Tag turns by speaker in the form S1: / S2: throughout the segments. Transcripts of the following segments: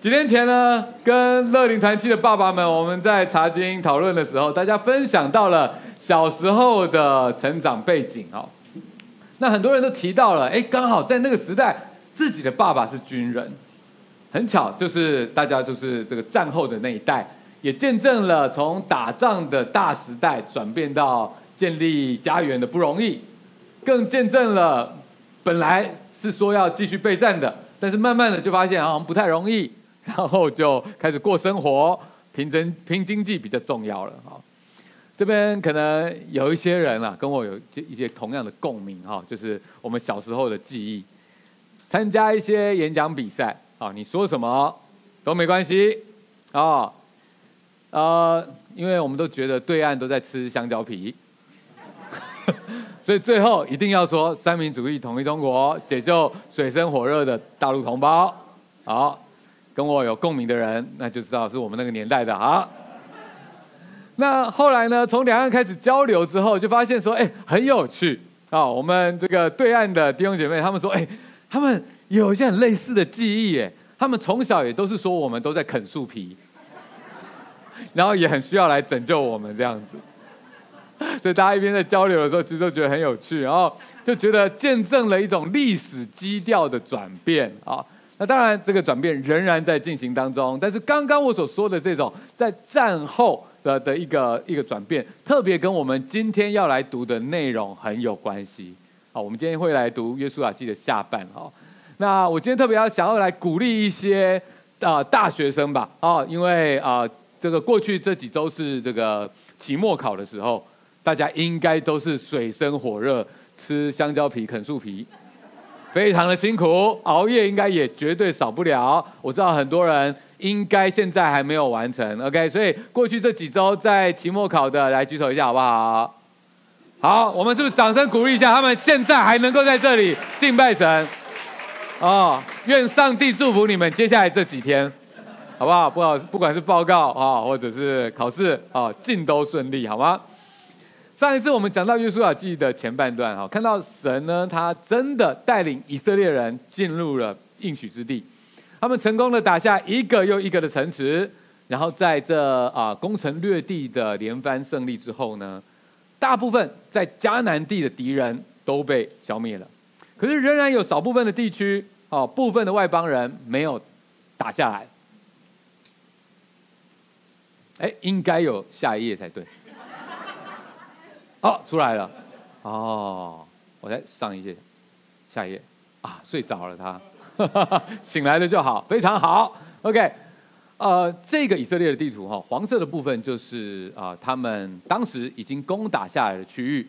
S1: 幾天前呢，跟樂齡團契的爸爸們，我們在查經討論的時候，大家分享到了小時候的成長背景哦。那很多人都提到了，哎，剛好在那個時代，自己的爸爸是軍人，很巧，就是大家就是這個戰後的那一代，也見證了從打仗的大時代轉變到建立家園的不容易，更見證了本來是說要繼續備戰的，但是慢慢的就發現啊，我們不太容易。然後就開始過生活，拼爭拼經濟比較重要了，哦、這邊可能有一些人啊，跟我有一些同樣的共鳴哈，哦，就是我們小時候的記憶，參加一些演講比賽啊，哦，你說什麼都沒關係啊，哦呃。因為我們都覺得對岸都在吃香蕉皮呵呵，所以最後一定要說三民主義統一中國，解救水深火熱的大陸同胞。好，哦。跟我有共鳴的人，那就知道是我們那個年代的啊。那後來呢？從兩岸開始交流之後，就發現說，哎，很有趣啊。哦，我們這個對岸的弟兄姐妹，他們說，哎，他們有一些很類似的記憶，哎，他們從小也都是說，我們都在啃樹皮，然後也很需要來拯救我們這樣子。所以大家一邊在交流的時候，其實都覺得很有趣，然後就覺得見證了一種歷史基調的轉變啊，哦。那當然，這個轉變仍然在進行當中。但是剛剛我所說的這種在戰後的的一個一個轉變，特別跟我們今天要來讀的內容很有關係。好，我們今天會來讀約書亞記的下半。那我今天特別要想要來鼓勵一些啊、呃、大學生吧，啊、哦，因為啊、呃、這個過去這幾週是這個期末考的時候，大家應該都是水深火熱，吃香蕉皮啃樹皮。非常的辛苦，熬夜應該也絕對少不了。我知道很多人應該現在還沒有完成，OK？所以過去這幾周在期末考的，來舉手一下好不好？好，我們是不是掌聲鼓勵一下他們？現在還能夠在這裡敬拜神，啊、哦，願上帝祝福你們接下來這幾天，好不好？不好，不管是報告啊、哦，或者是考試啊，盡、哦、都順利，好嗎？上一次我們講到《約書亞記》的前半段，哈，看到神呢，他真的帶領以色列人進入了應許之地，他們成功地打下一個又一個的城池，然後在這啊攻城略地的連番勝利之後呢，大部分在迦南地的敵人都被消滅了，可是仍然有少部分的地區，哦、啊，部分的外邦人沒有打下來。哎，應該有下一頁才對。哦，出來了，哦，我再上一頁，下一頁，啊，睡着了他， 醒來了就好，非常好，OK，呃，這個以色列的地圖哈、哦，黃色的部分就是啊、呃，他們當時已經攻打下來的區域，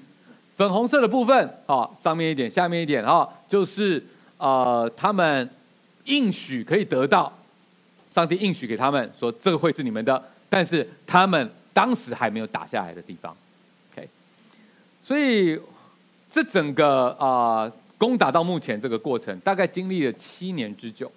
S1: 粉紅色的部分哦，上面一點，下面一點啊、哦，就是呃他們應許可以得到，上帝應許給他們說，這個會是你們的，但是他們當時還沒有打下來的地方。所以，這整個啊、呃、攻打到目前這個過程，大概經歷了七年之久。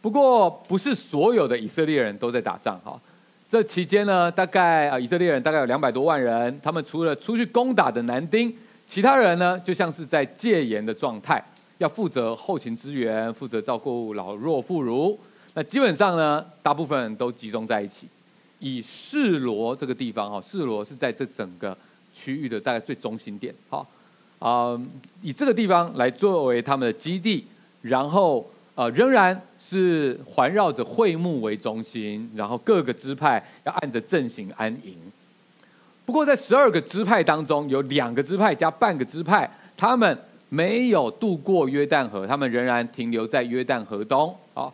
S1: 不過，不是所有的以色列人都在打仗哈、哦。這期間呢，大概啊、呃、以色列人大概有兩百多萬人，他們除了出去攻打的男丁，其他人呢就像是在戒嚴的狀態，要負責後勤支援，負責照顧老弱婦孺。那基本上呢，大部分人都集中在一起，以示羅這個地方哈，哦、示羅是在這整個。區域的大概最中心點，好、哦，啊、嗯，以這個地方來作為他們的基地，然後啊、呃，仍然是環繞着會幕為中心，然後各個支派要按着陣型安營。不過，在十二個支派當中，有兩個支派加半個支派，他們沒有渡過約旦河，他們仍然停留在約旦河東。好、哦，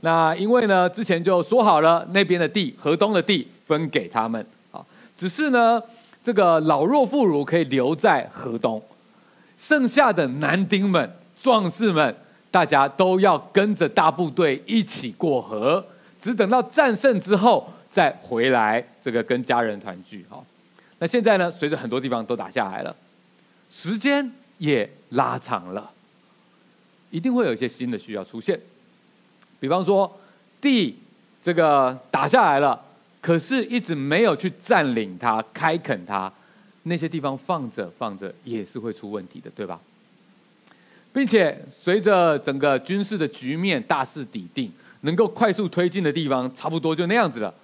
S1: 那因為呢，之前就說好了，那邊的地，河東的地分給他們。哦、只是呢。這個老弱婦孺可以留在河東，剩下的男丁們、壯士們，大家都要跟着大部隊一起過河，只等到戰勝之後再回來，這個跟家人團聚哈。那現在呢，隨着很多地方都打下來了，時間也拉長了，一定會有一些新的需要出現，比方說地這個打下來了。可是，一直沒有去佔領它、開墾它，那些地方放着放着也是會出問題的，對吧？並且隨着整個軍事的局面大勢底定，能夠快速推進的地方差不多就那樣子了。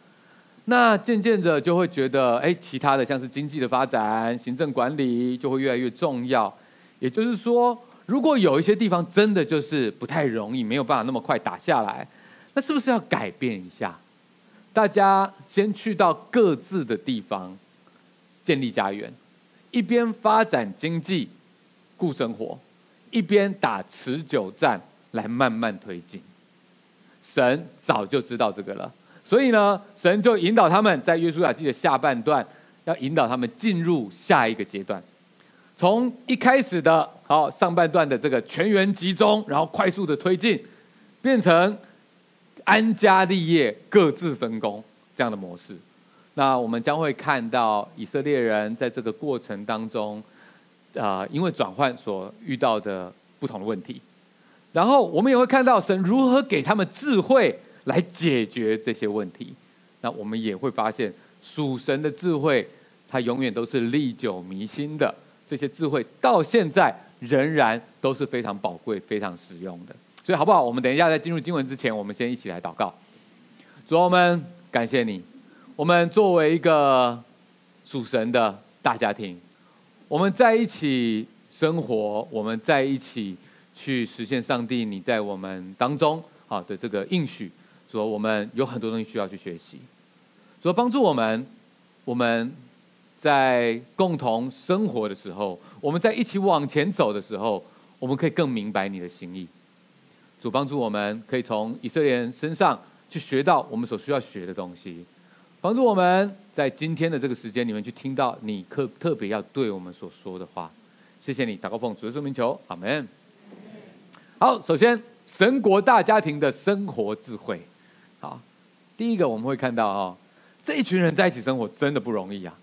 S1: 那漸漸的就會覺得，哎，其他的像是經濟的發展、行政管理就會越來越重要。也就是說，如果有一些地方真的就是不太容易，沒有辦法那麼快打下來，那是不是要改變一下？大家先去到各自的地方，建立家園，一邊發展經濟，顧生活，一邊打持久戰來慢慢推進。神早就知道這個了，所以呢，神就引導他們在約書亞記的下半段，要引導他們進入下一個階段，從一開始的好上半段的這個全員集中，然後快速的推進，變成。安家立業，各自分工這樣的模式。那我們將會看到以色列人在這個過程當中，啊、呃，因為轉換所遇到的不同的問題。然後我們也會看到神如何給他們智慧來解決這些問題。那我們也會發現屬神的智慧，它永遠都是歷久彌新的。這些智慧到現在仍然都是非常寶貴、非常實用的。所以好不好？我們等一下在進入經文之前，我們先一起來禱告。主啊，我們感謝你。我們作為一個主神的大家庭，我們在一起生活，我們在一起去實現上帝你在我們當中啊的這個應許。所以，我們有很多東西需要去學習。所以，幫助我們，我們在共同生活的時候，我們在一起往前走的時候，我們可以更明白你的心意。主幫助我們，可以從以色列人身上去學到我們所需要學的東西，幫助我們在今天的這個時間裡面去聽到你特特別要對我們所說的話。謝謝你，禱告奉主的聖名求，阿們。好，首先神國大家庭的生活智慧，好，第一個我們會看到哦，這一群人在一起生活真的不容易啊，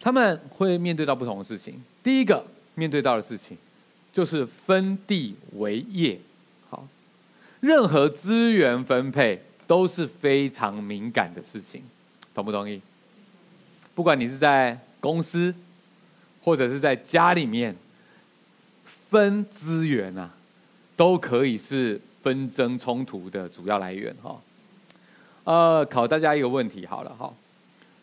S1: 他們會面對到不同的事情。第一個面對到的事情。就是分地為業，好，任何資源分配都是非常敏感的事情，同不同意？不管你是在公司，或者是在家裡面，分資源啊，都可以是紛爭衝突的主要來源哈、哦。呃，考大家一個問題好了哈，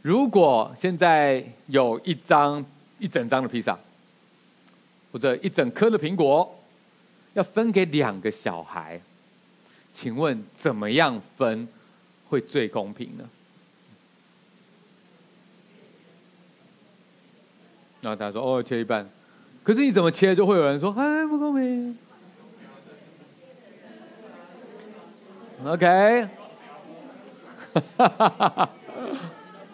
S1: 如果現在有一張一整張的披薩。或者一整顆的蘋果，要分給兩個小孩，請問怎麼樣分會最公平呢？然後他說：“哦，切一半。”可是你怎麼切就會有人說：“哎，不公平。”OK，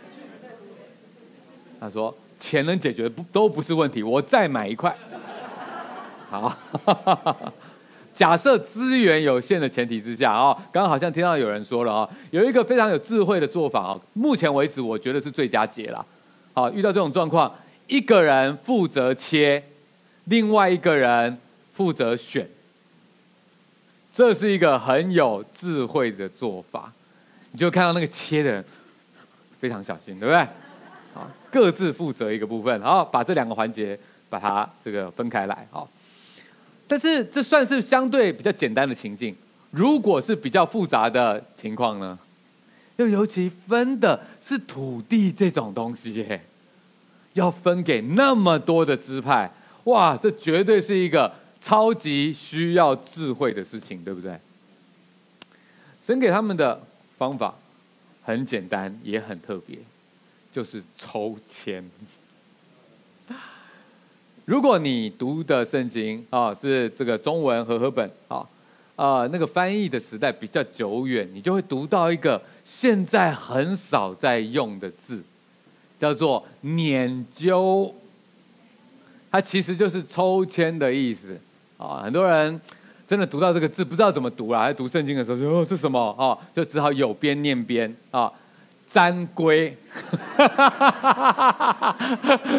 S1: 他說：“錢能解決的都不是問題，我再買一塊。”好哈哈，假設資源有限的前提之下啊、哦，剛剛好像聽到有人說了啊、哦，有一個非常有智慧的做法啊、哦，目前為止我覺得是最佳解了。好、哦，遇到這種狀況，一個人負責切，另外一個人負責選，這是一個很有智慧的做法。你就看到那個切的人非常小心，對不對？好，各自負責一個部分，好，把這兩個環節把它這個分開來，好、哦。但是這算是相對比較簡單的情境，如果是比較複雜的情況呢？又尤其分的是土地這種東西，要分給那麼多的支派，哇，這絕對是一個超級需要智慧的事情，對不對？神給他們的方法很簡單，也很特別，就是抽籤。如果你讀的聖經啊、哦、是這個中文和合本啊、哦呃，那個翻譯的時代比較久遠，你就會讀到一個現在很少在用的字，叫做“拈鬮”，它其實就是抽籤的意思啊、哦。很多人真的讀到這個字不知道怎麼讀了，在讀聖經的時候說、哦、這什麼啊、哦？就只好有邊念邊啊，沾、哦、龜。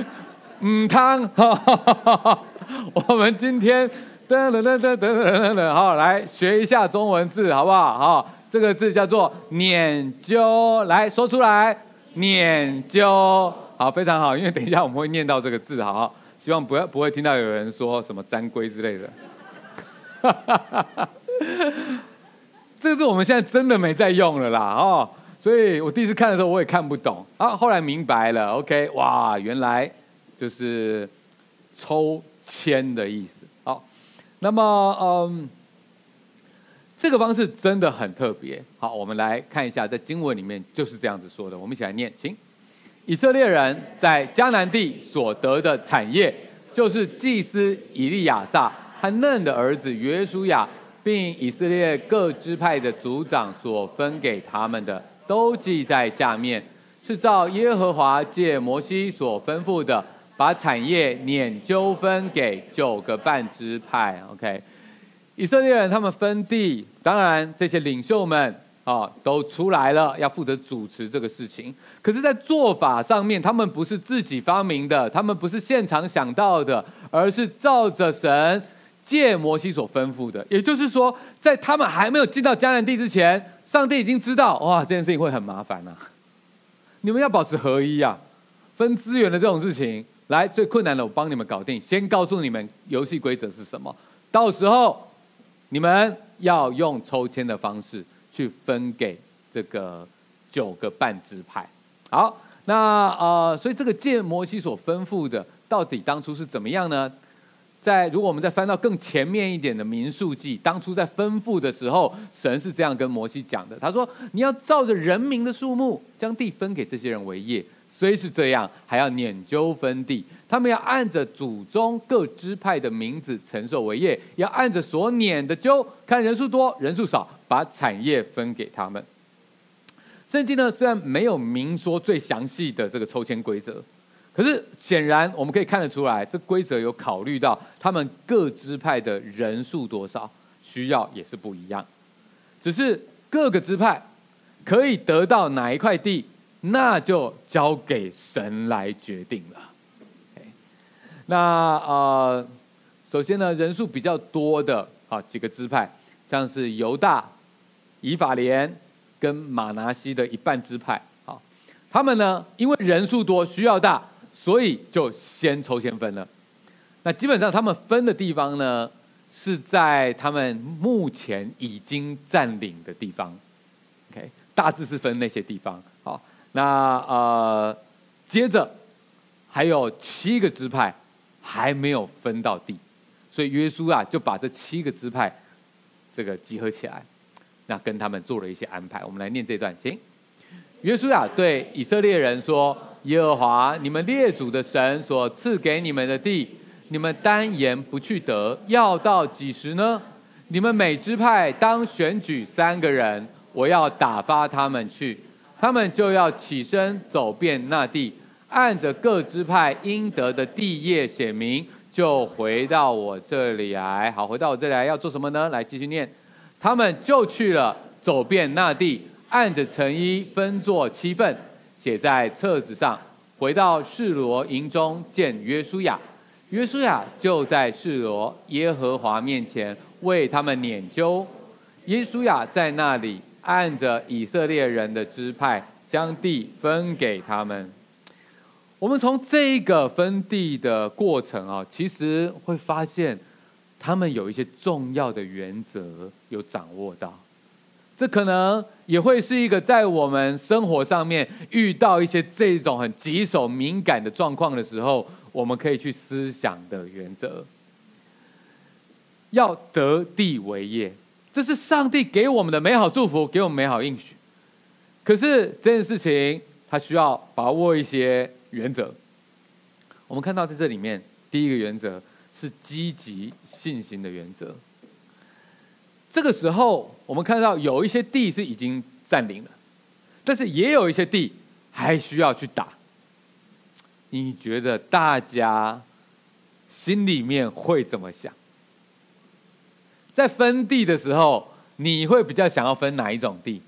S1: 嗯，湯， 我們今天等等等等等等等等，來學一下中文字，好不好？好，這個字叫做“拈鬮”，來說出來，“拈鬮”，好，非常好，因為等一下我們會念到這個字，好，希望不要不會聽到有人說什麼“粘龜”之類的。 這個字我們現在真的沒在用了啦，哦，所以我第一次看的時候我也看不懂啊，後來明白了，OK，哇，原來。就是抽籤的意思。好，那麼嗯，這個方式真的很特別。好，我們來看一下，在經文裡面就是這樣子說的。我們一起來念，請以色列人在迦南地所得的產業，就是祭司以利亞撒和嫩的兒子約書亞，並以色列各支派的族長所分給他們的，都記在下面，是照耶和華借摩西所吩咐的。把產業拈鬮，分給九個半支派，OK？以色列人他們分地，當然這些領袖們啊都出來了，要負責主持這個事情。可是，在做法上面，他們不是自己發明的，他們不是現場想到的，而是照着神借摩西所吩咐的。也就是說，在他們還沒有進到迦南地之前，上帝已經知道，哇，這件事情會很麻煩啊！你們要保持合一呀、啊，分資源的這種事情。來，最困難的我幫你們搞定。先告訴你們遊戲規則是什麼。到時候你們要用抽籤的方式去分給這個九個半支派。好，那呃，所以這個借摩西所吩咐的，到底當初是怎麼樣呢？在如果我們再翻到更前面一點的民數記，當初在吩咐的時候，神是這樣跟摩西講的：他說，你要照着人民的數目，將地分給這些人為業。雖是這樣，還要拈鬮分地。他們要按着祖宗各支派的名字承受為業，要按着所拈的鬮，看人數多、人數少，把產業分給他們。聖經呢，雖然沒有明說最詳細的這個抽籤規則，可是顯然我們可以看得出來，這規則有考慮到他們各支派的人數多少，需要也是不一樣。只是各個支派可以得到哪一塊地，那就交給神來決定了。Okay、那呃，首先呢，人數比較多的啊，幾個支派，像是猶大、以法蓮跟馬拿西的一半支派，啊，他們呢，因為人數多，需要大，所以就先抽先分了。那基本上他們分的地方呢，是在他們目前已經佔領的地方，OK，大致是分那些地方。那呃，接着還有七個支派還沒有分到地，所以約書亞就把這七個支派這個集合起來，那跟他們做了一些安排。我們來念這段，請。約書亞對以色列人說：“耶和華你們列祖的神所賜給你們的地，你們耽延不去得，要到幾時呢？你們每支派當選舉三個人，我要打發他們去。”他們就要起身走遍那地，按着各支派應得的地業寫明，就回到我這裡來。好，回到我這裡來要做什麼呢？來繼續念，他們就去了，走遍那地，按着城邑，分作七份，寫在冊子上，回到示羅營中見約書亞，約書亞就在示羅耶和華面前為他們拈鬮，約書亞在那裡。按着以色列人的支派，將地分給他們。我們從這個分地的過程啊、哦，其實會發現他們有一些重要的原則有掌握到。這可能也會是一個在我們生活上面遇到一些這種很棘手、敏感的狀況的時候，我們可以去思想的原則。要得地為業。這是上帝給我們的美好祝福，給我們美好應許。可是這件事情，他需要把握一些原則。我們看到在這裡面，第一個原則是積極信心的原則。這個時候，我們看到有一些地是已經佔領了，但是也有一些地還需要去打。你覺得大家心裡面會怎麼想？在分地的時候，你會比較想要分哪一種地？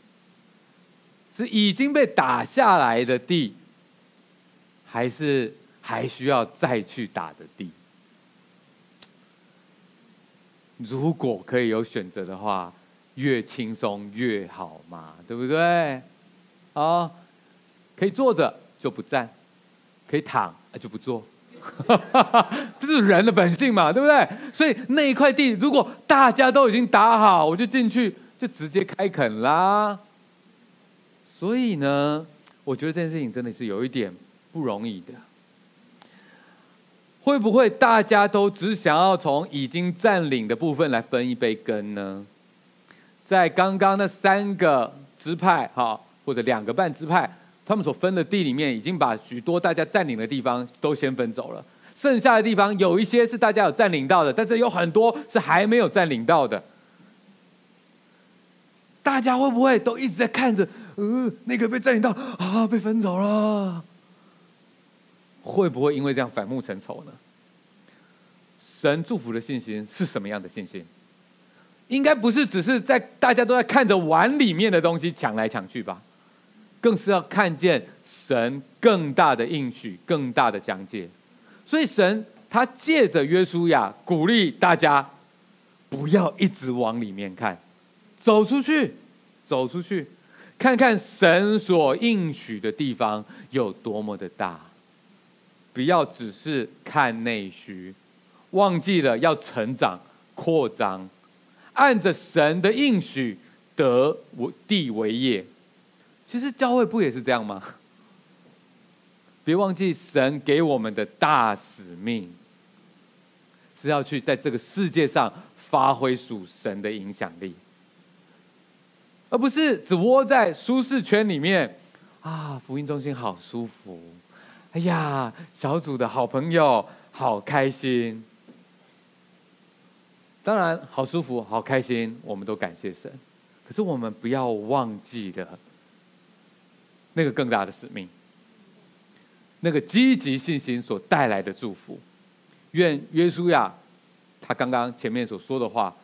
S1: 是已經被打下來的地，還是還需要再去打的地？如果可以有選擇的話，越輕鬆越好嘛，對不對？啊，可以坐着就不站，可以躺就不坐。 這是人的本性嘛，對不對？所以那一塊地如果大家都已經打好，我就進去就直接開墾啦。所以呢，我覺得這件事情真的是有一點不容易的。會不會大家都只想要從已經佔領的部分來分一杯羹？呢？在剛剛那三個支派哈，或者兩個半支派。他們所分的地裡面，已經把許多大家佔領的地方都先分走了。剩下的地方有一些是大家有佔領到的，但是有很多是還沒有佔領到的。大家會不會都一直在看着？嗯、呃，那個被佔領到啊，被分走了，會不會因為這樣反目成仇呢？神祝福的信心是什麼樣的信心？應該不是只是在大家都在看着碗裡面的東西搶來搶去吧？更是要看見神更大的應許、更大的講解，所以神他借着約書亞鼓勵大家，不要一直往裡面看，走出去，走出去，看看神所應許的地方有多麼的大，不要只是看內需，忘記了要成長、擴張，按着神的應許得地為業。其實教會不也是這樣嗎？別忘記神給我們的大使命，是要去在這個世界上發揮屬神的影響力，而不是只窩在舒適圈裡面。啊，福音中心好舒服！哎呀，小組的好朋友好開心。當然，好舒服，好開心，我們都感謝神。可是，我們不要忘記了。那個更大的使命，那個積極信心所帶來的祝福。願約書亞他剛剛前面所說的話，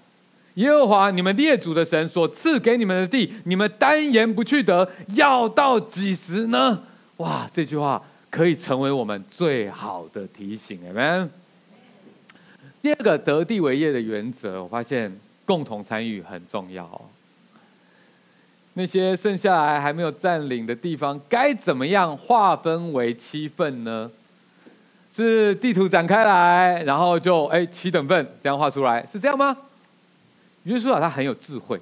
S1: 耶和華你們列祖的神所賜給你們的地，你們單言不去得，要到幾時呢？哇，這句話可以成為我們最好的提醒，Amen。第二個得地為業的原則，我發現共同參與很重要。那些剩下來還沒有佔領的地方，該怎麼樣劃分為七份呢？是地圖展開來，然後就哎七等份這樣畫出來，是這樣嗎？約書亞他很有智慧，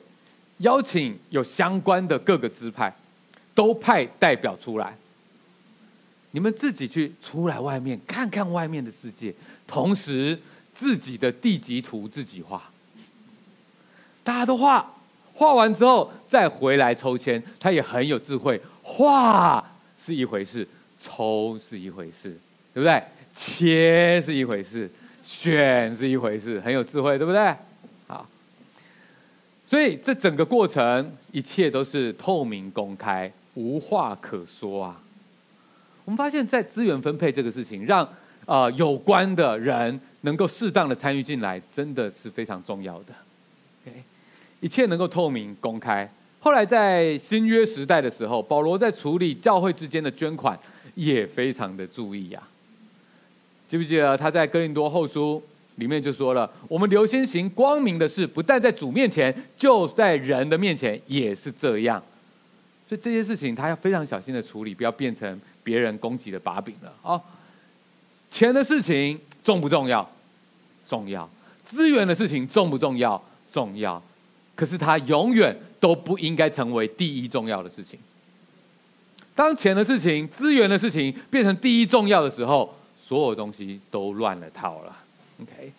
S1: 邀請有相關的各個支派都派代表出來，你們自己去出來外面看看外面的世界，同時自己的地籍圖自己畫，大家都畫。畫完之後，再回來抽籤，他也很有智慧。畫是一回事，抽是一回事，對不對？切是一回事，選是一回事，很有智慧，對不對？好，所以這整個過程一切都是透明公開，無話可說啊。我們發現，在資源分配這個事情，讓呃有關的人能夠適當的參與進來，真的是非常重要的。一切能夠透明公開。後來在新約時代的時候，保羅在處理教會之間的捐款也非常的注意呀、啊。記不記得他在哥林多後書裡面就說了：“我們留心行光明的事，不但在主面前，就在人的面前也是這樣。”所以這些事情他要非常小心的處理，不要變成別人攻擊的把柄了啊。錢的事情重不重要？重要。資源的事情重不重要？重要。可是他永遠都不應該成為第一重要的事情。當錢的事情、資源的事情變成第一重要的時候，所有東西都亂了套了。OK？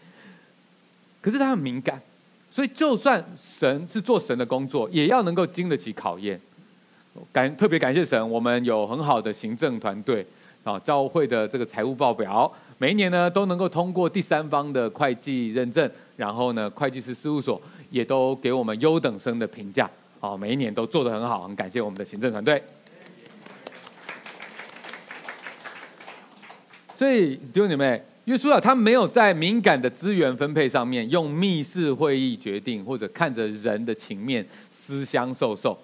S1: 可是他很敏感，所以就算神是做神的工作，也要能夠經得起考驗。感特別感謝神，我們有很好的行政團隊啊，教會的這個財務報表，每一年呢都能夠通過第三方的會計認證，然後呢會計師事務所。也都給我們優等生的評價，哦，每一年都做得很好，很感謝我們的行政團隊。Yeah. 所以，弟兄姊妹，約書亞，他沒有在敏感的資源分配上面用密室會議決定，或者看着人的情面私相授受，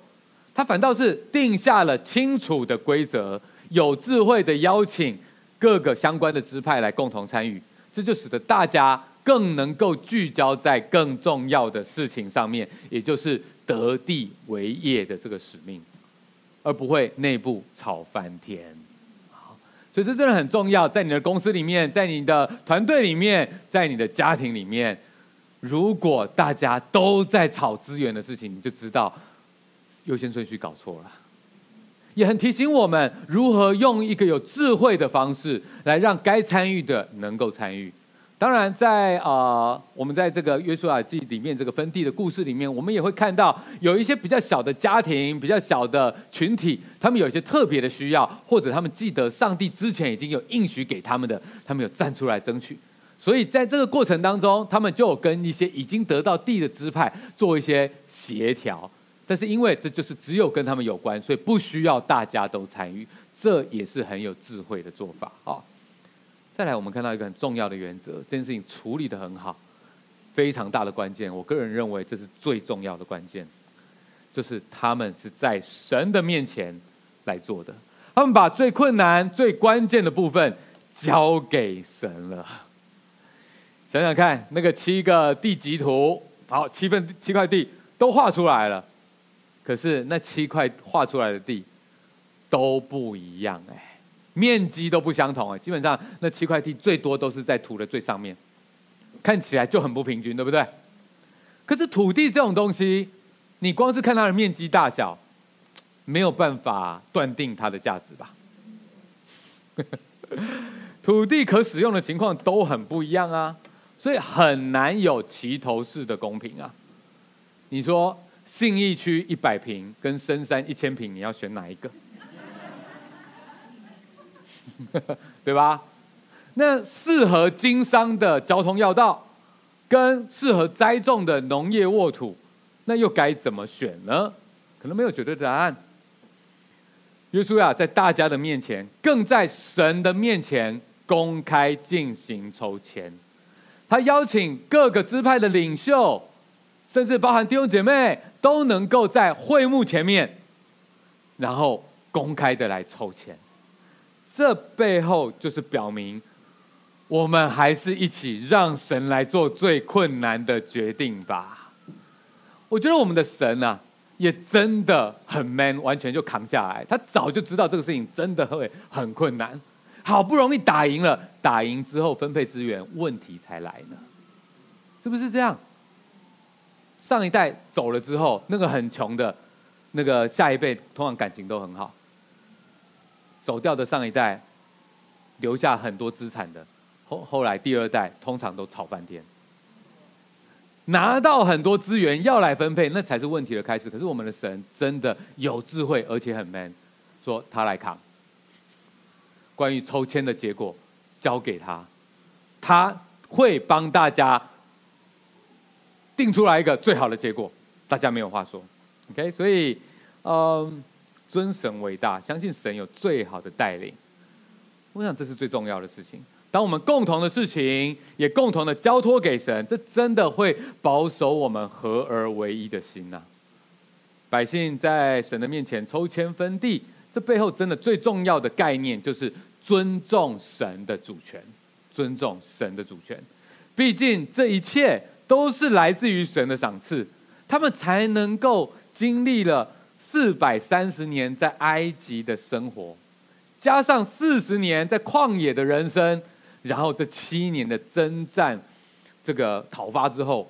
S1: 他反倒是定下了清楚的規則，有智慧的邀請各個相關的支派來共同參與，這就使得大家更能夠聚焦在更重要的事情上面，也就是得地為業的這個使命，而不會內部吵翻天。好，所以這真的很重要，在你的公司裡面，在你的團隊裡面，在你的家庭裡面，如果大家都在吵資源的事情，你就知道優先順序搞錯了。也很提醒我們如何用一個有智慧的方式來讓該參與的能夠參與。當然在，在、呃、啊，我們在這個約書亞記裡面這個分地的故事裡面，我們也會看到有一些比較小的家庭、比較小的群體，他們有一些特別的需要，或者他們記得上帝之前已經有應許給他們的，他們有站出來爭取。所以在這個過程當中，他們就有跟一些已經得到地的支派做一些協調。但是因為這就是只有跟他們有關，所以不需要大家都參與，這也是很有智慧的做法啊。再來，我們看到一個很重要的原則，這件事情處理得很好，非常大的關鍵。我個人認為，這是最重要的關鍵，就是他們是在神的面前來做的。他們把最困難、最關鍵的部分交給神了。想想看，那個七個地籍圖，好，七份七塊地都畫出來了，可是那七塊畫出來的地都不一樣、欸，哎。面積都不相同啊，基本上那七塊地最多都是在土的最上面，看起來就很不平均，對不對？可是土地這種東西，你光是看它的面積大小，沒有辦法斷定它的價值吧？ 土地可使用的情況都很不一樣啊，所以很難有齊頭式的公平啊。你說信義區一百坪跟深山一千坪，你要選哪一個？ 對吧？那適合經商的交通要道，跟適合栽種的農業沃土，那又該怎麼選呢？可能沒有絕對的答案。約書亞，在大家的面前，更在神的面前公開進行抽籤。他邀請各個支派的領袖，甚至包含弟兄姐妹，都能夠在會幕前面，然後公開的來抽籤。這背後就是表明，我們還是一起讓神來做最困難的決定吧。我覺得我們的神啊，也真的很 man，完全就扛下來。他早就知道這個事情真的會很困難，好不容易打贏了，打贏之後分配資源，問題才來呢，是不是這樣？上一代走了之後，那個很窮的，那個下一輩通常感情都很好。走掉的上一代，留下很多資產的，後後來第二代通常都吵半天，拿到很多資源要來分配，那才是問題的開始。可是我們的神真的有智慧，而且很 man，說他來扛。關於抽籤的結果，交給他，他會幫大家定出來一個最好的結果，大家沒有話說。OK，所以，嗯、呃。尊神為大，相信神有最好的帶領。我想這是最重要的事情。當我們共同的事情也共同的交託給神，這真的會保守我們合而為一的心吶、啊。百姓在神的面前抽籤分地，這背後真的最重要的概念就是尊重神的主權，尊重神的主權。畢竟這一切都是來自於神的賞賜，他們才能夠經歷了。四百三十年在埃及的生活，加上四十年在曠野的人生，然後這七年的征戰，這個討伐之後，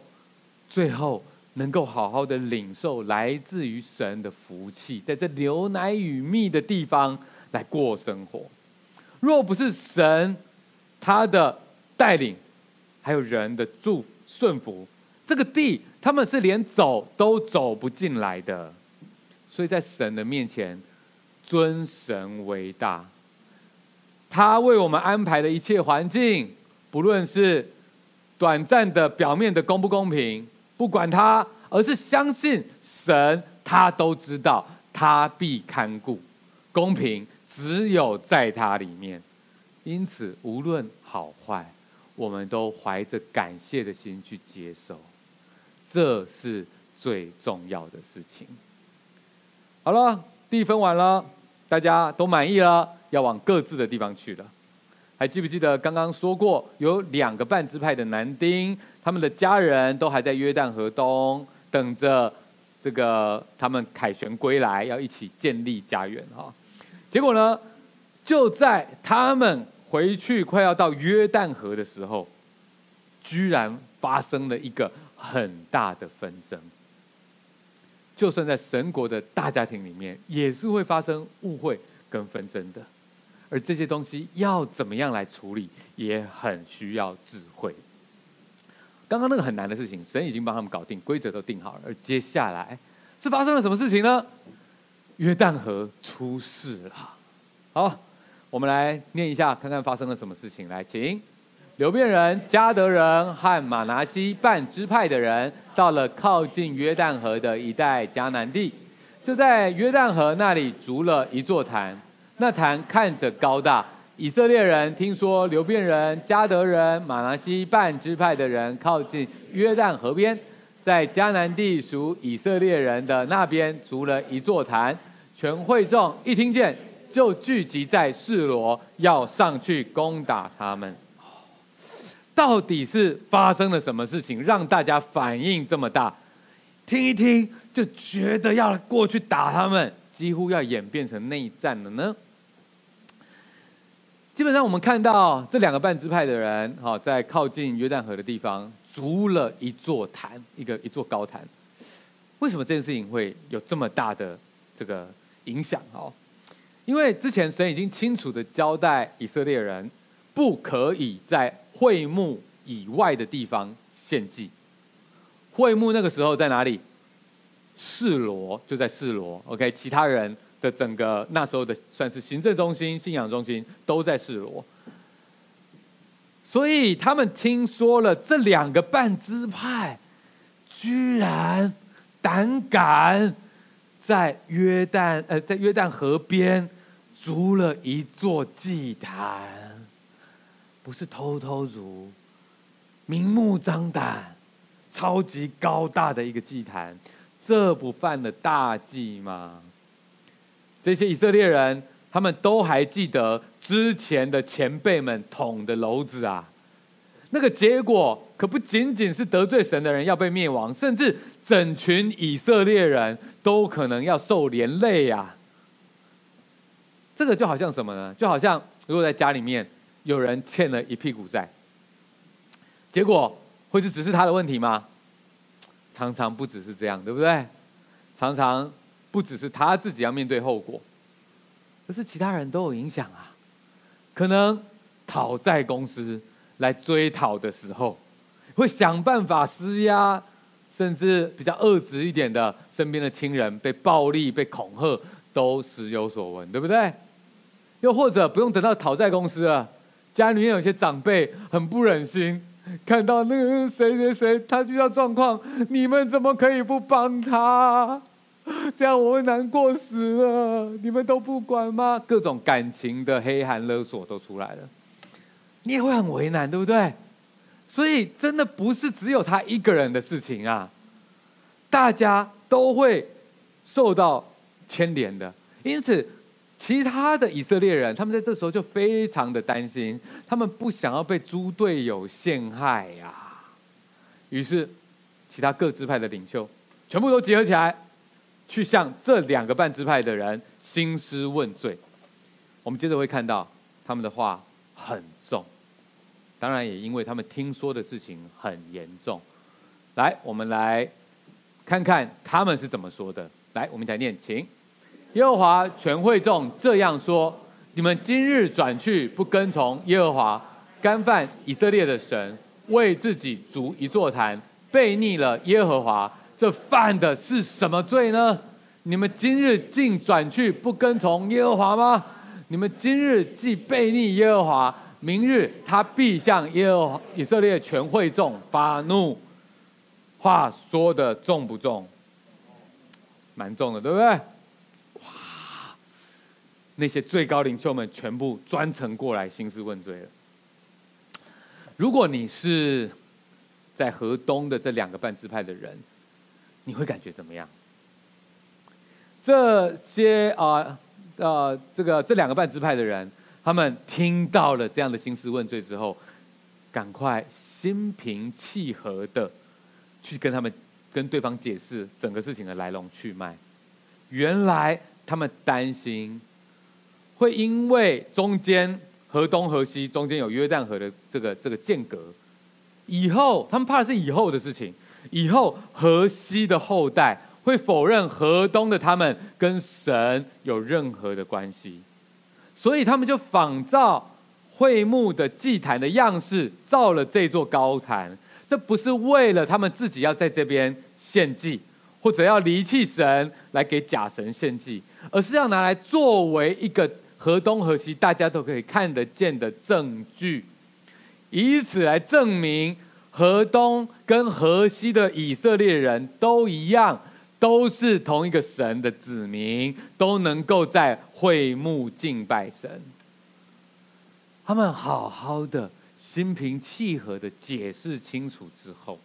S1: 最後能夠好好的領受來自於神的福氣，在這流奶與蜜的地方來過生活。若不是神他的帶領，還有人的祝福順服，這個地他們是連走都走不進來的。所以在神的面前，尊神為大。他為我們安排的一切環境，不論是短暫的、表面的公不公平，不管他，而是相信神，他都知道，他必看顧，公平只有在他裡面。因此，無論好壞，我們都懷着感謝的心去接受。這是最重要的事情。好了，地分完了，大家都滿意了，要往各自的地方去了。還記不記得剛剛說過，有兩個半支派的男丁，他們的家人都還在約旦河東，等着這個他們凱旋歸來，要一起建立家園哈，結果呢，就在他們回去快要到約旦河的時候，居然發生了一個很大的紛爭。就算在神國的大家庭裡面，也是會發生誤會跟紛爭的，而這些東西要怎麼樣來處理，也很需要智慧。剛剛那個很難的事情，神已經幫他們搞定，規則都定好了。而接下來是發生了什麼事情呢？約旦河出事了。好，我們來念一下，看看發生了什麼事情。來，請。流便人、迦得人和馬拿西半支派的人，到了靠近約旦河的一帶迦南地，就在約旦河那裡築了一座壇。那壇看着高大。以色列人聽說流便人、迦得人、馬拿西半支派的人靠近約旦河邊，在迦南地屬以色列人的那邊築了一座壇，全會眾一聽見，就聚集在示羅，要上去攻打他們。到底是發生了什麼事情，讓大家反應這麼大？聽一聽就覺得要過去打他們，幾乎要演變成內戰了呢？基本上，我們看到這兩個半支派的人，哈，在靠近約旦河的地方，築了一座壇，一個一座高壇。為什麼這件事情會有這麼大的這個影響？哈，因為之前神已經清楚的交代以色列人，不可以在會幕以外的地方獻祭。會幕那個時候在哪裡？示羅，就在示羅。OK。其他人的整個那時候的算是行政中心、信仰中心都在示羅。所以他們聽說了這兩個半支派，居然膽敢在約旦，呃，在約旦河邊築了一座祭壇。不是偷偷如，明目張膽，超級高大的一個祭壇，這不犯了大忌嗎？這些以色列人，他們都還記得之前的前輩們捅的簍子啊。那個結果可不僅僅是得罪神的人要被滅亡，甚至整群以色列人都可能要受連累呀、啊。這個就好像什麼呢？就好像如果在家裡面。有人欠了一屁股債，結果會是只是他的問題嗎？常常不只是這樣，對不對？常常不只是他自己要面對後果，可是其他人都有影響啊。可能討債公司來追討的時候，會想辦法施壓，甚至比較惡質一點的，身邊的親人被暴力、被恐嚇，都時有所聞，對不對？又或者不用等到討債公司啊。家裡面有些長輩很不忍心看到那個誰誰誰他遇到狀況，你們怎麼可以不幫他啊？這樣我會難過死了。你們都不管嗎？各種感情的黑函勒索都出來了，你也會很為難，對不對？所以真的不是只有他一個人的事情啊，大家都會受到牽連的，因此。其他的以色列人，他們在這時候就非常的擔心，他們不想要被豬隊友陷害呀、啊。於是，其他各支派的領袖全部都集合起來，去向這兩個半支派的人興師問罪。我們接着會看到他們的話很重，當然也因為他們聽說的事情很嚴重。來，我們來看看他們是怎麼說的。來，我們一起來念，請。耶和華全會眾這樣說：“你們今日轉去不跟從耶和華，干犯以色列的神，為自己築一座壇，悖逆了耶和華，這犯的是什麼罪呢？你們今日竟轉去不跟從耶和華嗎？你們今日既悖逆耶和華，明日他必向耶和以色列全會眾發怒。話說得重不重？蠻重的，對不對？”那些最高領袖們全部專程過來興師問罪了。如果你是在河東的這兩個半支派的人，你會感覺怎麼樣？這些啊啊、呃呃，這個這兩個半支派的人，他們聽到了這樣的興師問罪之後，趕快心平氣和的去跟他們跟對方解釋整個事情的來龍去脈。原來他們擔心。會因為中間河東河西中間有約旦河的這個這個間隔，以後他們怕的是以後的事情，以後河西的後代會否認河東的他們跟神有任何的關係，所以他們就仿照會幕的祭壇的樣式造了這座高壇，這不是為了他們自己要在這邊獻祭或者要離棄神來給假神獻祭，而是要拿來作為一個。河東河西，大家都可以看得見的證據，以此來證明河東跟河西的以色列人都一樣，都是同一個神的子民，都能夠在會幕敬拜神。他們好好的、心平氣和的解釋清楚之後，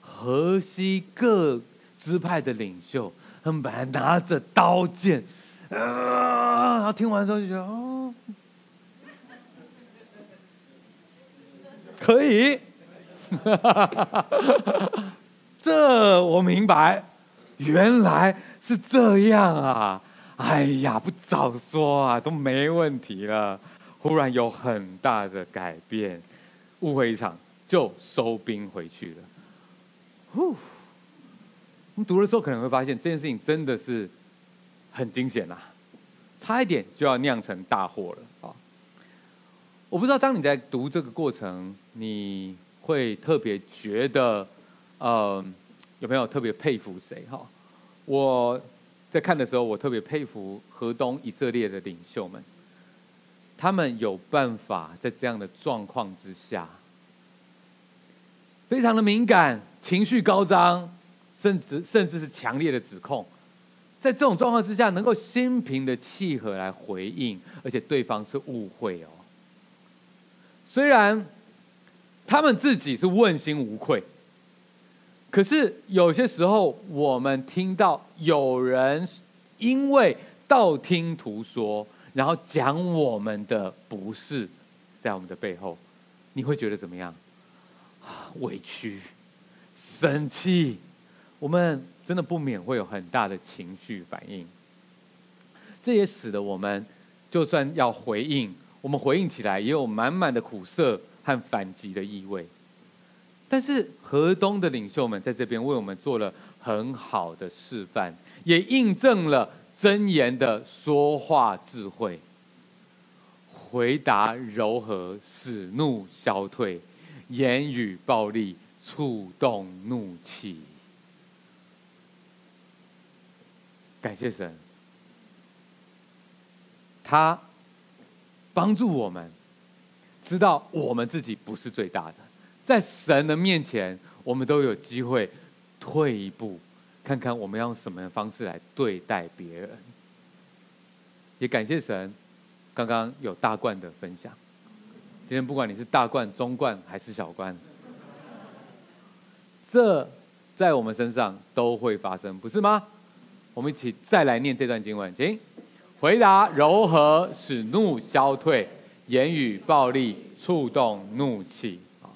S1: 河西各支派的領袖，他們本來拿着刀劍。啊！然後聽完之後就覺得哦，可以， 這我明白，原來是這樣啊！哎呀，不早說啊，都沒問題了。忽然有很大的改變，誤會一場就收兵回去了。呼，我們讀的時候可能會發現，這件事情真的是。很驚險吶，啊，差一點就要釀成大禍了。我不知道當你在讀這個過程，你會特別覺得，呃，有沒有特別佩服誰？哈，我在看的時候，我特別佩服河東以色列的領袖們，他們有辦法在這樣的狀況之下，非常的敏感，情緒高漲，甚至甚至是強烈的指控。在這種狀況之下，能夠心平的氣和來回應，而且對方是誤會哦。雖然他們自己是問心無愧，可是有些時候我們聽到有人因為道聽途說，然後講我們的不是在我們的背後，你會覺得怎麼樣？啊、委屈、生氣，我們。真的不免會有很大的情緒反應，這也使得我們就算要回應，我們回應起來也有滿滿的苦澀和反擊的意味。但是河東的領袖們在這邊為我們做了很好的示範，也印證了箴言的說話智慧：回答柔和，使怒消退；言語暴戾，觸動怒氣。感謝神，他幫助我們知道我們自己不是最大的，在神的面前，我們都有機會退一步，看看我們要用什麼的方式來對待別人。也感謝神，剛剛有大罐的分享，今天不管你是大罐、中罐還是小罐，這在我們身上都會發生，不是嗎？我們一起再來念這段經文，請。回答柔和，使怒消退，言語暴力觸動怒氣。啊，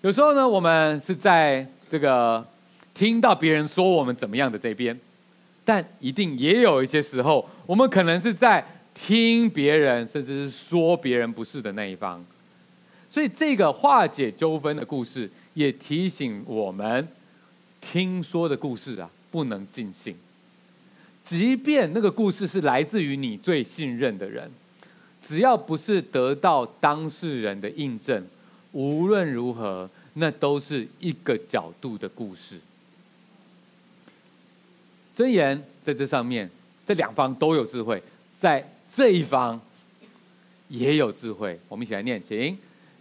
S1: 有時候呢，我們是在這個聽到別人說我們怎麼樣的這邊，但一定也有一些時候，我們可能是在聽別人，甚至是說別人不是的那一方。所以，這個化解糾紛的故事，也提醒我們，聽說的故事啊，不能盡信。即便那個故事是來自於你最信任的人，只要不是得到當事人的印證，無論如何，那都是一個角度的故事。箴言在這上面，這兩方都有智慧，在這一方也有智慧。我們一起來念，請。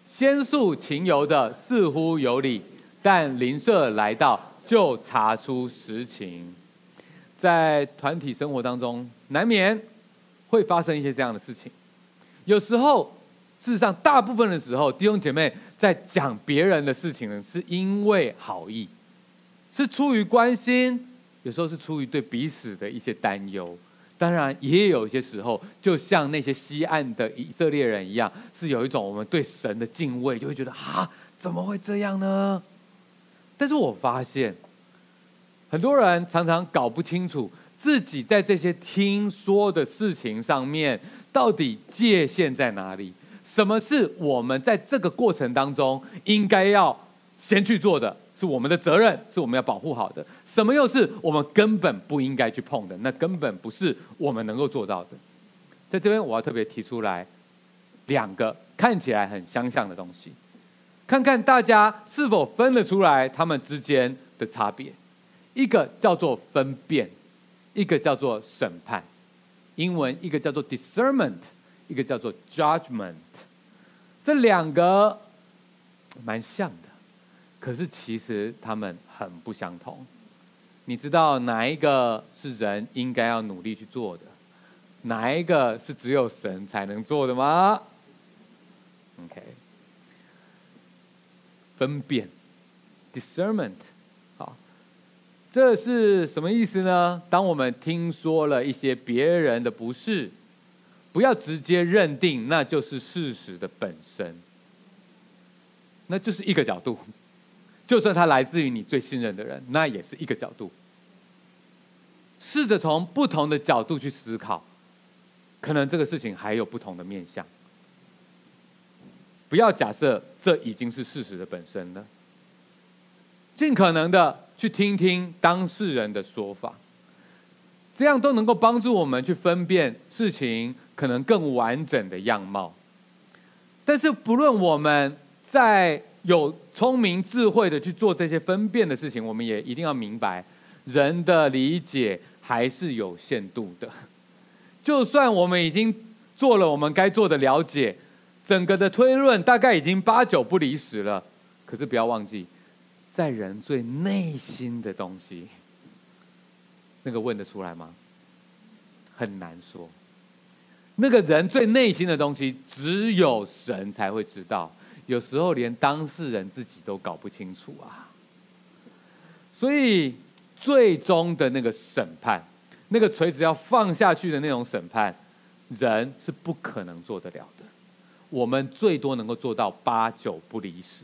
S1: 先訴情由的，似乎有理，但鄰舍來到，就察出實情。在團體生活當中，難免會發生一些這樣的事情。有時候，事實上，大部分的時候，弟兄姐妹在講別人的事情呢，是因為好意，是出於關心。有時候是出於對彼此的一些擔憂。當然，也有一些時候，就像那些西岸的以色列人一樣，是有一種我們對神的敬畏，就會覺得啊，怎麼會這樣呢？但是我發現。很多人常常搞不清楚自己在這些聽說的事情上面到底界限在哪裡。什麼是我們在這個過程當中應該要先去做的，是我們的責任，是我們要保護好的。什麼又是我們根本不應該去碰的？那根本不是我們能夠做到的。在這邊，我要特別提出來兩個看起來很相像的東西，看看大家是否分得出來他們之間的差別。一個叫做分辨，一個叫做審判，英文一個叫做 discernment，一個叫做 judgment，這兩個蠻像的，可是其實他們很不相同。你知道哪一個是人應該要努力去做的，哪一個是只有神才能做的嗎？OK，分辨，discernment。這是什麼意思呢？當我們聽說了一些別人的不是，不要直接認定那就是事實的本身。那就是一個角度，就算它來自於你最信任的人，那也是一個角度。試着從不同的角度去思考，可能這個事情還有不同的面向。不要假設這已經是事實的本身了，盡可能的。去聽聽當事人的說法，這樣都能夠幫助我們去分辨事情可能更完整的樣貌。但是，不論我們再有聰明智慧地去做這些分辨的事情，我們也一定要明白，人的理解還是有限度的。就算我們已經做了我們該做的了解，整個的推論大概已經八九不離十了，可是不要忘記。在人最內心的東西，那個問得出來嗎？很難說。那個人最內心的東西，只有神才會知道。有時候連當事人自己都搞不清楚啊。所以，最終的那個審判，那個錘子要放下去的那種審判，人是不可能做得了的。我們最多能夠做到八九不離十。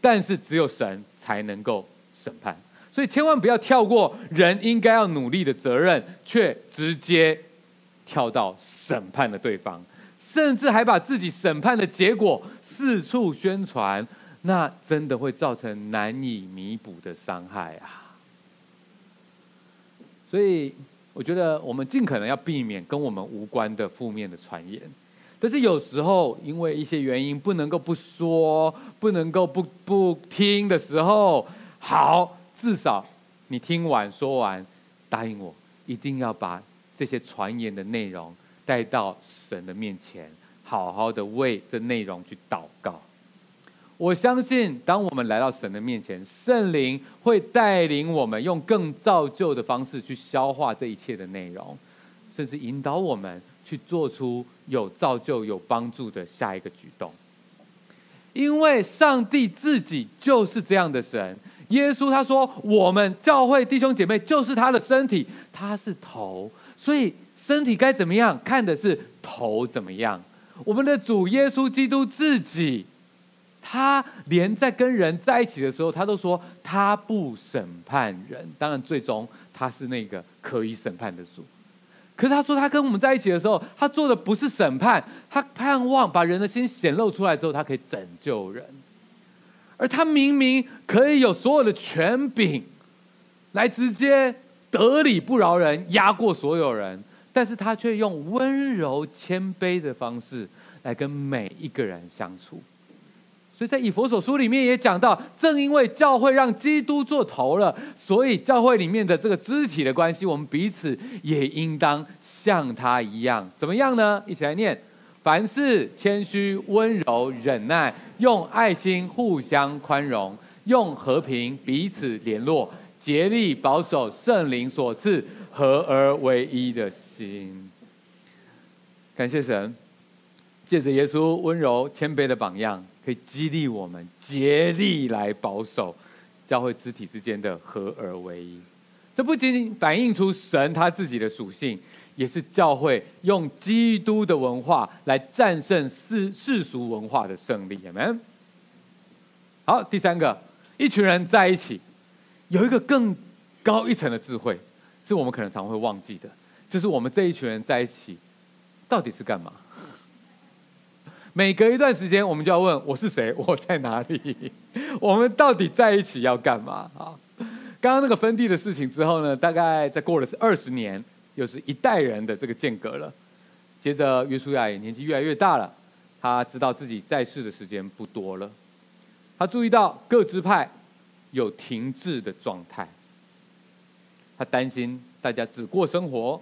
S1: 但是只有神才能夠審判，所以千萬不要跳過人應該要努力的責任，卻直接跳到審判的對方，甚至還把自己審判的結果四處宣傳，那真的會造成難以彌補的傷害啊！所以，我覺得我們盡可能要避免跟我們無關的負面的傳言。但是有時候，因為一些原因，不能夠不說，不能夠不不聽的時候，好，至少你聽完、說完，答應我，一定要把這些傳言的內容帶到神的面前，好好的為這內容去禱告。我相信，當我們來到神的面前，聖靈會帶領我們用更造就的方式去消化這一切的內容，甚至引導我們。去做出有造就有幫助的下一個舉動，因為上帝自己就是這樣的神。耶穌他說：“我們教會弟兄姐妹就是他的身體，他是頭，”所以身體該怎麼樣，看的是頭怎麼樣。我們的主耶穌基督自己，他連在跟人在一起的時候，他都說他不審判人。當然，最終他是那個可以審判的主。可是他說，他跟我們在一起的時候，他做的不是審判，他盼望把人的心顯露出來之後，他可以拯救人，而他明明可以有所有的權柄，來直接得理不饒人，壓過所有人，但是他卻用溫柔謙卑的方式來跟每一個人相處。所以在以弗所書裡面也講到，正因為教會讓基督做頭了，所以教會裡面的這個肢體的關係，我們彼此也應當像他一樣，怎麼樣呢？一起來念：凡事謙虛、溫柔、忍耐，用愛心互相寬容，用和平彼此聯絡，竭力保守聖靈所賜合而為一的心。感謝神，借着耶穌溫柔謙卑的榜樣。會激勵我們竭力來保守教會肢體之間的合而為一。這不僅僅反映出神他自己的屬性，也是教會用基督的文化來戰勝世世俗文化的勝利。Amen。好，第三個，一群人在一起，有一個更高一層的智慧，是我們可能常會忘記的。就是我們這一群人在一起，到底是幹嘛？每隔一段時間，我們就要問：我是誰？我在哪裡？我們到底在一起要幹嘛？啊！剛剛那個分地的事情之後呢，大概再過了是二十年，又是一代人的這個間隔了。接着，約書亞也年紀越來越大了，他知道自己在世的時間不多了。他注意到各支派有停滯的狀態，他擔心大家只過生活，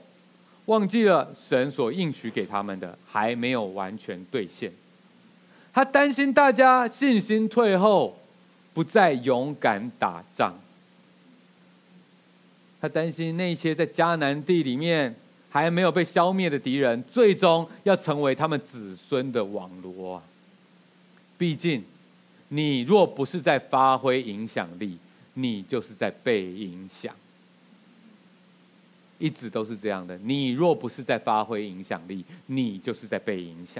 S1: 忘記了神所應許給他們的還沒有完全兌現。他擔心大家信心退後，不再勇敢打仗。他擔心那些在迦南地裡面還沒有被消滅的敵人，最終要成為他們子孫的網羅。畢竟，你若不是在發揮影響力，你就是在被影響。一直都是這樣的，你若不是在發揮影響力，你就是在被影響。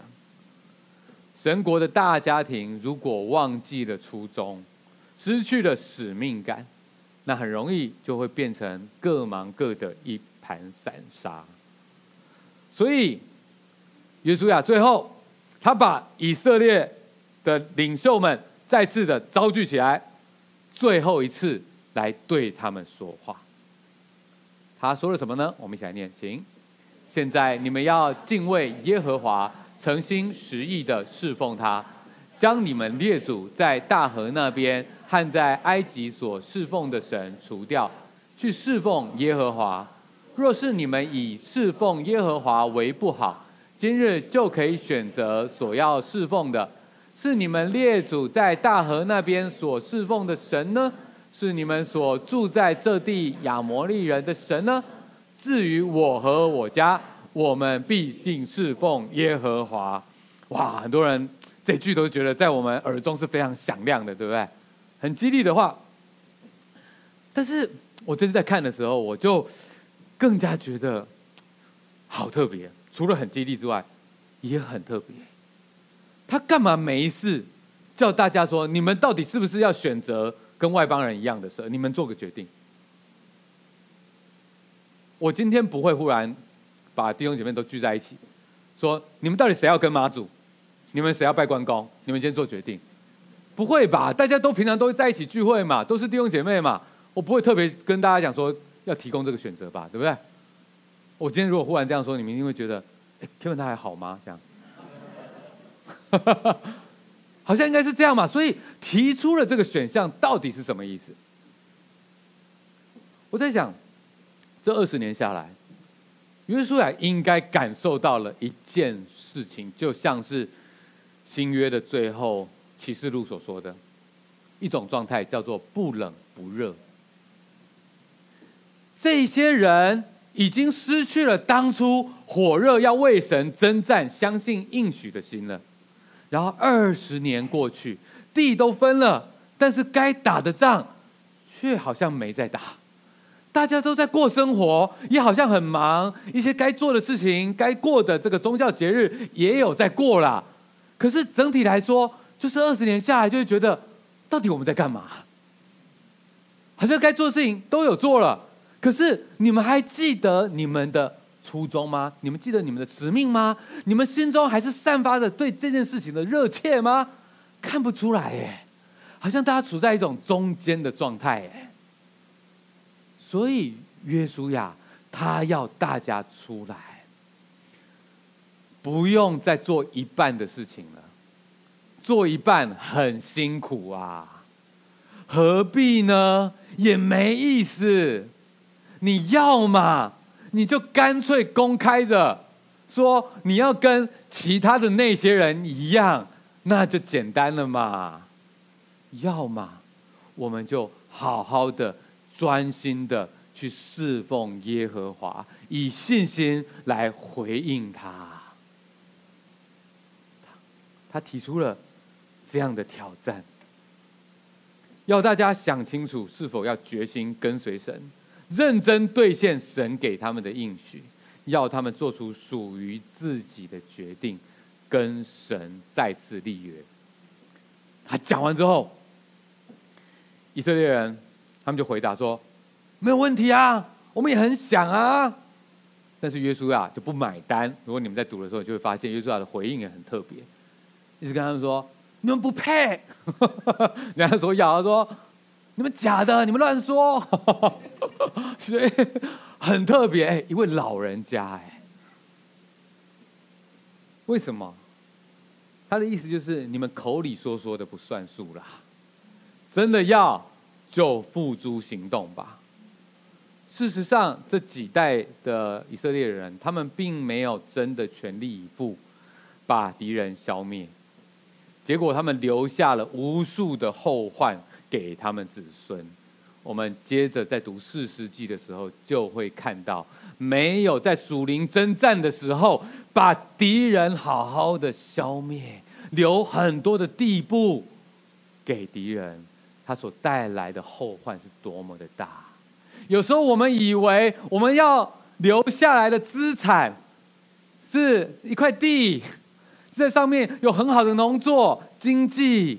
S1: 神國的大家庭，如果忘記了初衷，失去了使命感，那很容易就會變成各忙各的，一盤散沙。所以，約書亞最後，他把以色列的領袖們再次的召聚起來，最後一次來對他們說話。他說了什麼呢？我們一起來念，請。現在你們要敬畏耶和華。誠心實意的侍奉他，將你們列祖在大河那邊和在埃及所侍奉的神除掉，去侍奉耶和華。若是你們以侍奉耶和華為不好，今日就可以選擇所要侍奉的。是你們列祖在大河那邊所侍奉的神呢？是你們所住在這地亞摩利人的神呢？至於我和我家。我們必定侍奉耶和華。哇！很多人這句都覺得在我們耳中是非常響亮的，對不對？很激勵的話。但是我這次在看的時候，我就更加覺得好特別。除了很激勵之外，也很特別。他幹嘛沒事叫大家說你們到底是不是要選擇跟外邦人一樣的事？你們做個決定。我今天不會忽然。把弟兄姐妹都聚在一起，說你們到底誰要跟媽祖，你們誰要拜關公？你們先做決定。不會吧？大家都平常都在一起聚會嘛，都是弟兄姐妹嘛。我不會特別跟大家講說要提供這個選擇吧，對不對？我今天如果忽然這樣說，你們一定會覺得，哎，Kevin 他還好嗎？這樣， 好像應該是這樣嘛。所以提出了這個選項到底是什麼意思？我在想，這二十年下來。約書亞應該感受到了一件事情，就像是新約的最後啟示錄所說的，一種狀態叫做不冷不熱。這些人已經失去了當初火熱要為神征戰、相信應許的心了。然後二十年過去，地都分了，但是該打的仗卻好像沒在打。大家都在過生活，也好像很忙，一些該做的事情、該過的這個宗教節日也有在過了。可是整體來說，就是二十年下來，就會覺得到底我們在幹嘛？好像該做的事情都有做了，可是你們還記得你們的初衷嗎？你們記得你們的使命嗎？你們心中還是散發着對這件事情的熱切嗎？看不出來耶，好像大家處在一種中間的狀態耶。所以，約書亞他要大家出來，不用再做一半的事情了。做一半很辛苦啊，何必呢？也沒意思。你要嘛，你就乾脆公開着說你要跟其他的那些人一樣，那就簡單了嘛。要嘛我們就好好的。專心的去侍奉耶和華，以信心來回應他，他。他提出了這樣的挑戰，要大家想清楚是否要決心跟隨神，認真兌現神給他們的應許，要他們做出屬於自己的決定，跟神再次立約。他講完之後，以色列人。他們就回答說：“沒有問題啊，我們也很想啊。”但是約書亞就不買單。如果你們在讀的時候，你就會發現約書亞的回應也很特別，一直跟他們說：“你們不配。”然後說要，他說：“你們假的，你們亂說。 ”所以很特別，一位老人家。哎，為什麼？他的意思就是，你們口裡說說的不算數啦，真的要。就付諸行動吧。事實上，這幾代的以色列人，他們並沒有真的全力以赴，把敵人消滅。結果，他們留下了無數的後患給他們子孫。我們接着在讀士師記的時候，就會看到，沒有在屬靈征戰的時候，把敵人好好的消滅，留很多的地步給敵人。它所帶來的後患是多麼的大！有時候我們以為我們要留下來的資產是一塊地，在上面有很好的農作經濟，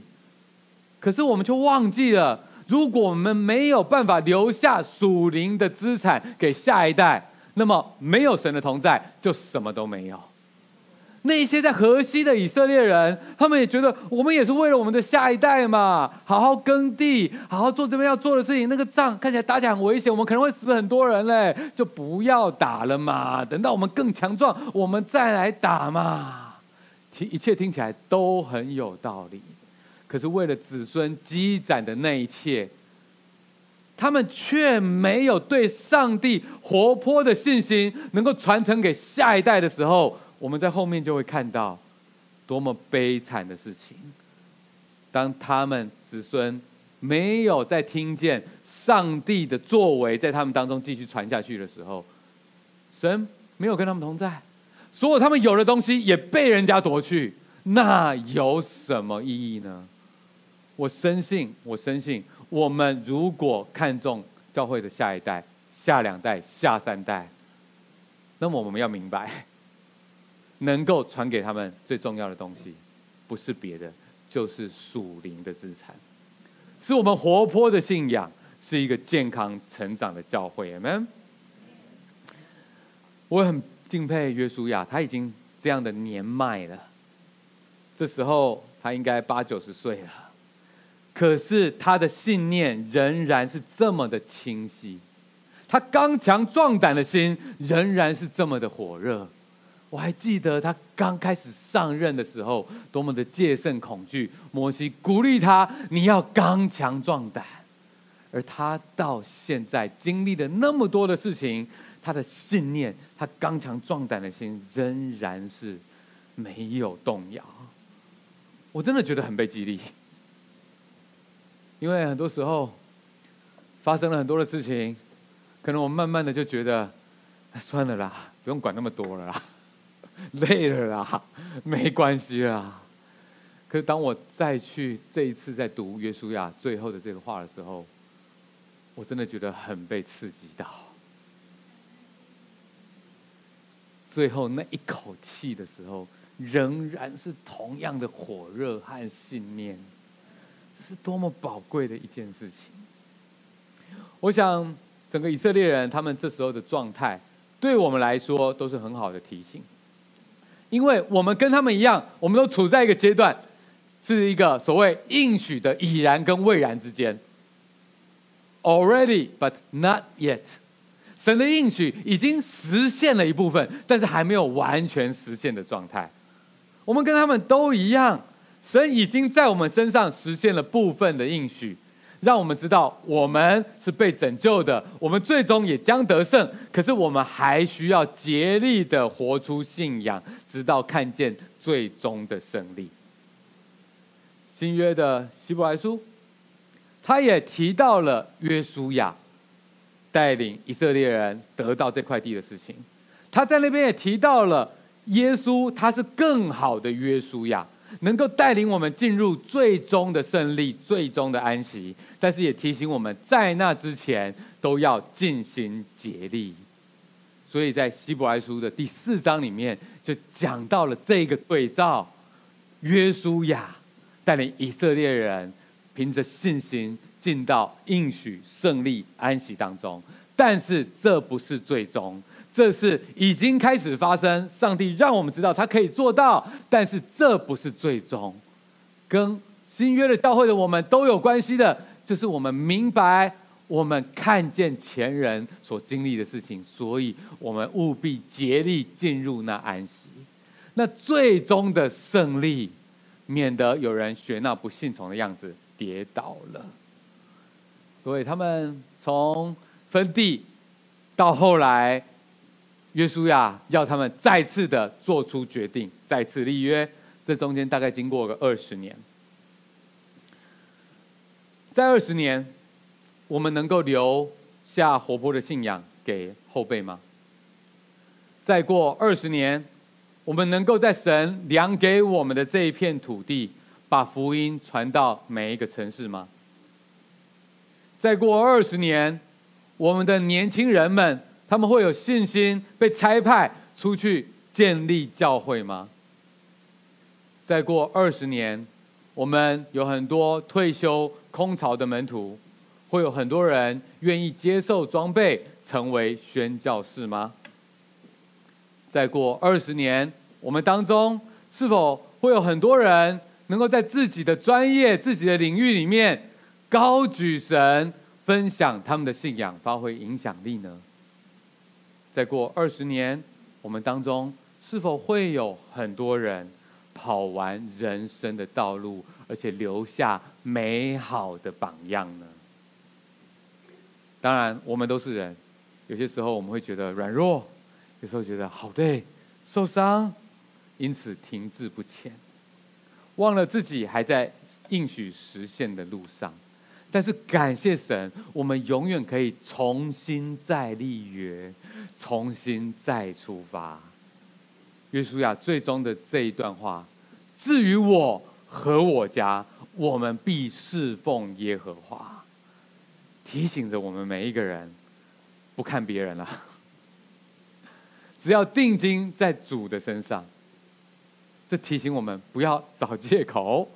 S1: 可是我們卻忘記了，如果我們沒有辦法留下屬靈的資產給下一代，那麼沒有神的同在，就什麼都沒有。那些在河西的以色列人，他們也覺得我們也是為了我們的下一代嘛，好好耕地，好好做這邊要做的事情。那個仗看起來打起來很危險，我們可能會死很多人嘞，就不要打了嘛。等到我們更強壯，我們再來打嘛。聽，一切聽起來都很有道理。可是為了子孫積攢的那一切，他們卻沒有對上帝活潑的信心，能夠傳承給下一代的時候。我們在後面就會看到，多麼悲慘的事情！當他們子孫沒有再聽見上帝的作為在他們當中繼續傳下去的時候，神沒有跟他們同在，所有他們有的東西也被人家奪去，那有什麼意義呢？我深信，我深信，我們如果看重教會的下一代、下兩代、下三代，那麼我們要明白。能夠傳給他們最重要的東西，不是別的，就是屬靈的資產，是我們活潑的信仰，是一個健康成長的教會。阿門。我很敬佩約書亞，他已經這樣的年邁了，這時候他應該八九十歲了，可是他的信念仍然是這麼的清晰，他剛強壯膽的心仍然是這麼的火熱。我還記得他剛開始上任的時候，多麼的戒慎恐懼。摩西鼓勵他：“你要剛強壯膽。”而他到現在經歷了那麼多的事情，他的信念，他剛強壯膽的心，仍然是沒有動搖。我真的覺得很被激勵，因為很多時候發生了很多的事情，可能我慢慢的就覺得算了啦，不用管那麼多了啦。累了啦，沒關係啦。可是當我再去這一次再讀約書亞最後的這個話的時候，我真的覺得很被刺激到。最後那一口氣的時候，仍然是同樣的火熱和信念，這是多麼寶貴的一件事情。我想，整個以色列人他們這時候的狀態，對我們來說都是很好的提醒。因為我們跟他們一樣，我們都處在一個階段，是一個所謂應許的已然跟未然之間，Already, but not yet。神的應許已經實現了一部分，但是還沒有完全實現的狀態。我們跟他們都一樣，神已經在我們身上實現了部分的應許。讓我們知道我們是被拯救的，我們最終也將得勝。可是我們還需要竭力的活出信仰，直到看見最終的勝利。新約的希伯來書他也提到了約書亞帶領以色列人得到這塊地的事情。他在那邊也提到了耶穌，他是更好的約書亞。能夠帶領我們進入最終的勝利、最終的安息，但是也提醒我們，在那之前都要盡心竭力。所以在希伯來書的第四章裡面，就講到了這個對照：約書亞帶領以色列人，憑着信心進到應許勝利、安息當中，但是這不是最終。這是已經開始發生，上帝讓我們知道他可以做到，但是這不是最終，跟新約的教會的我們都有關係的。就是我們明白，我們看見前人所經歷的事情，所以我們務必竭力進入那安息，那最終的勝利，免得有人學那不信從的樣子跌倒了。各位，他們從分地到後來。約書亞要他們再次的做出決定，再次立約。這中間大概經過個二十年。再二十年，我們能夠留下活潑的信仰給後輩嗎？再過二十年，我們能夠在神量給我們的這一片土地，把福音傳到每一個城市嗎？再過二十年，我們的年輕人們。他們會有信心被差派出去建立教會嗎？再過二十年，我們有很多退休空巢的門徒，會有很多人願意接受裝備，成為宣教士嗎？再過二十年，我們當中是否會有很多人能夠在自己的專業、自己的領域裡面高舉神，分享他們的信仰，發揮影響力呢？再過二十年，我們當中是否會有很多人跑完人生的道路，而且留下美好的榜樣呢？當然，我們都是人，有些時候我們會覺得軟弱，有時候覺得好累、受傷，因此停滯不前，忘了自己還在應許實現的路上。但是，感謝神，我們永遠可以重新再立約。重新再出發。約書亞最終的這一段話：“至於我和我家，我們必侍奉耶和華。”提醒着我們每一個人，不看別人了，只要定睛在主的身上。這提醒我們不要找借口，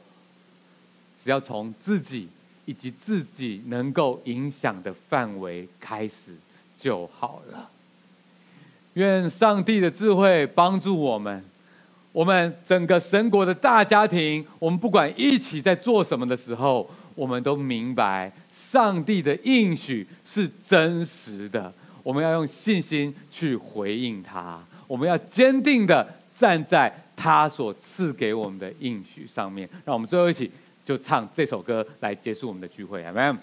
S1: 只要從自己以及自己能夠影響的範圍開始就好了。願上帝的智慧幫助我們，我們整個神國的大家庭，我們不管一起在做什麼的時候，我們都明白上帝的應許是真實的。我們要用信心去回應他，我們要堅定的站在他所賜給我們的應許上面。讓我們最後一起就唱這首歌來結束我們的聚會，好嗎？